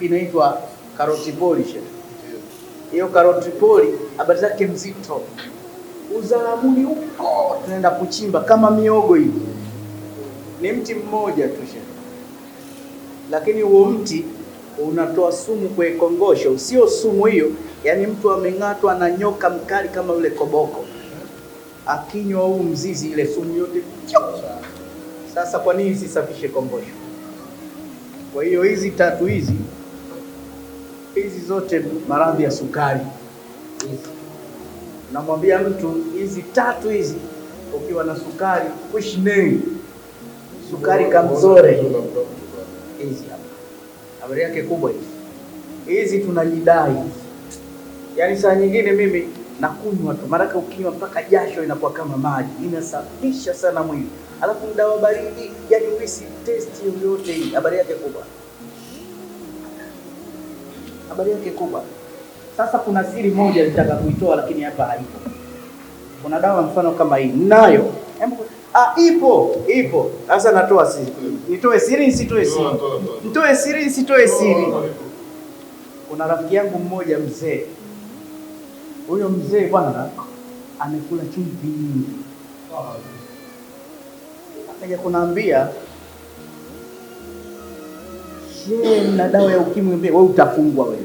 inaitwa karoti poli. Hiyo karoti poli habari zake mzito, Uzaramuni huko tunaenda kuchimba kama miogo hivi, ni mti mmoja tu shehe, lakini huo mti unatoa sumu kongosho Sio sumu hiyo, yani mtu ameng'atwa na nyoka mkali kama yule koboko, akinywa huu mzizi, ile sumu yote. Sasa kwa nini sisafishe kongosho? Kwa hiyo hizi tatu hizi hizi zote maradhi ya sukari hizi, namwambia mtu hizi tatu hizi, ukiwa na sukari name sukari kamzore hizi hapa, habari yake kubwa hizi, hizi tunajidai. Yaani saa nyingine mimi nakunywa tu, maanake ukinywa mpaka jasho inakuwa kama maji, inasafisha sana mwili, alafu muda wa baridi, yani wisi testi yoyote hii, habari yake kubwa habari yake kubwa. Sasa kuna siri moja nitaka kuitoa, lakini hapa haipo. Kuna dawa mfano kama hii nayo Ah, ipo ipo. Sasa natoa siri, nitoe siri nisitoe siri, nitoe siri nisitoe siri. Kuna rafiki yangu mmoja mzee, huyo mzee bwana amekula chumvi nyingi, akaja kunaambia nyie mna dawa ya ukimwi, wewe utafungwa wewe,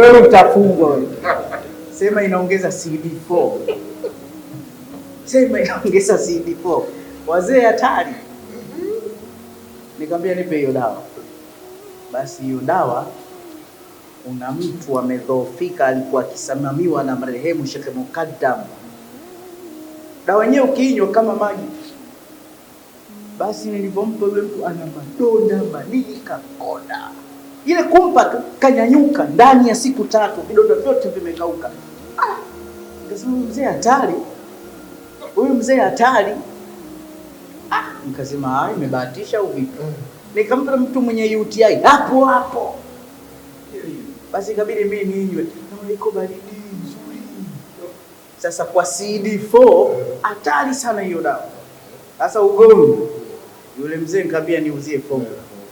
wewe utafungwa wewe. Sema inaongeza CD4, sema inaongeza CD4. Wazee hatari. Nikamwambia nipe hiyo dawa. Basi hiyo dawa kuna mtu amedhoofika, alikuwa akisimamiwa na marehemu Sheikh Mukaddam. Dawa yenyewe ukiinywa kama maji basi nilivyompa yule mtu ana madonda manini, kakonda ile kumpa kanyanyuka. Ndani ya siku tatu vidonda vyote vimekauka. Ah, mzee hatari, huyu mzee hatari. Ah, nikasema ah, imebahatisha au vipi? Mm. Nikampa mtu mwenye UTI hapo hapo, basi ikabidi mimi niinywe, iko baridi nzuri. Sasa kwa CD4 hatari sana hiyo dawa. Sasa ugomvi yule mzee nikamwambia niuzie fomu yeah.